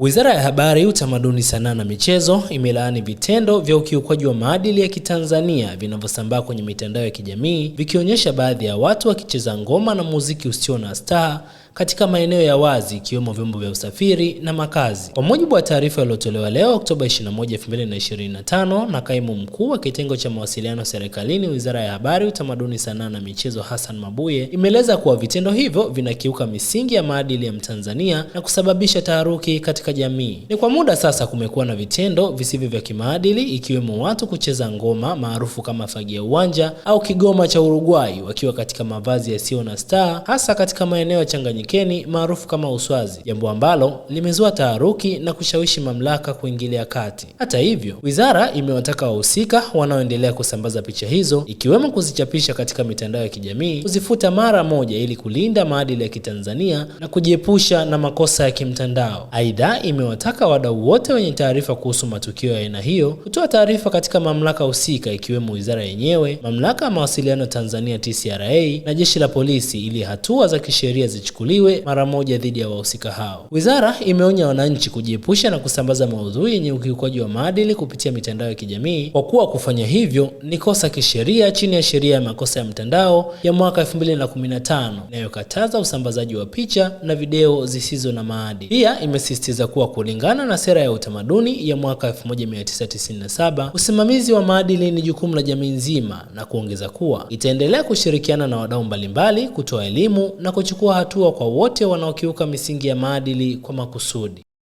Wizara ya Habari, Utamaduni, Sanaa na Michezo imelaani vitendo vya ukiukwaji wa maadili ya Kitanzania vinavyosambaa kwenye mitandao ya kijamii vikionyesha baadhi ya watu wakicheza ngoma na muziki usio na staha katika maeneo ya wazi ikiwemo vyombo vya usafiri na makazi. Kwa mujibu wa taarifa iliyotolewa leo Oktoba 21, 2025 na kaimu mkuu wa kitengo cha mawasiliano serikalini, Wizara ya Habari, Utamaduni, Sanaa na Michezo, Hassan Mabuye, imeeleza kuwa vitendo hivyo vinakiuka misingi ya maadili ya Mtanzania na kusababisha taharuki katika jamii. Ni kwa muda sasa kumekuwa na vitendo visivyo vya kimaadili ikiwemo watu kucheza ngoma maarufu kama fagia uwanja au kigoma cha Uruguay wakiwa katika mavazi yasiyo na staa, hasa katika maeneo ya Nyikeni maarufu kama Uswazi, jambo ambalo limezua taharuki na kushawishi mamlaka kuingilia kati. Hata hivyo, wizara imewataka wahusika wanaoendelea kusambaza picha hizo, ikiwemo kuzichapisha katika mitandao ya kijamii, kuzifuta mara moja ili kulinda maadili ya Kitanzania na kujiepusha na makosa ya kimtandao. Aidha, imewataka wadau wote wenye taarifa kuhusu matukio ya aina hiyo kutoa taarifa katika mamlaka husika, ikiwemo wizara yenyewe, mamlaka ya mawasiliano Tanzania TCRA na jeshi la polisi, ili hatua za kisheria zichukuliwe lichukuliwe mara moja dhidi ya wahusika hao. Wizara imeonya wananchi kujiepusha na kusambaza maudhui yenye ukiukwaji wa maadili kupitia mitandao ya kijamii kwa kuwa kufanya hivyo ni kosa kisheria chini ya sheria ya makosa ya mtandao ya mwaka 2015 inayokataza usambazaji wa picha na video zisizo na maadili. Pia imesisitiza kuwa kulingana na sera ya utamaduni ya mwaka 1997 usimamizi wa maadili ni jukumu la jamii nzima, na kuongeza kuwa itaendelea kushirikiana na wadau mbalimbali kutoa elimu na kuchukua hatua kwa wote wanaokiuka misingi ya maadili kwa makusudi.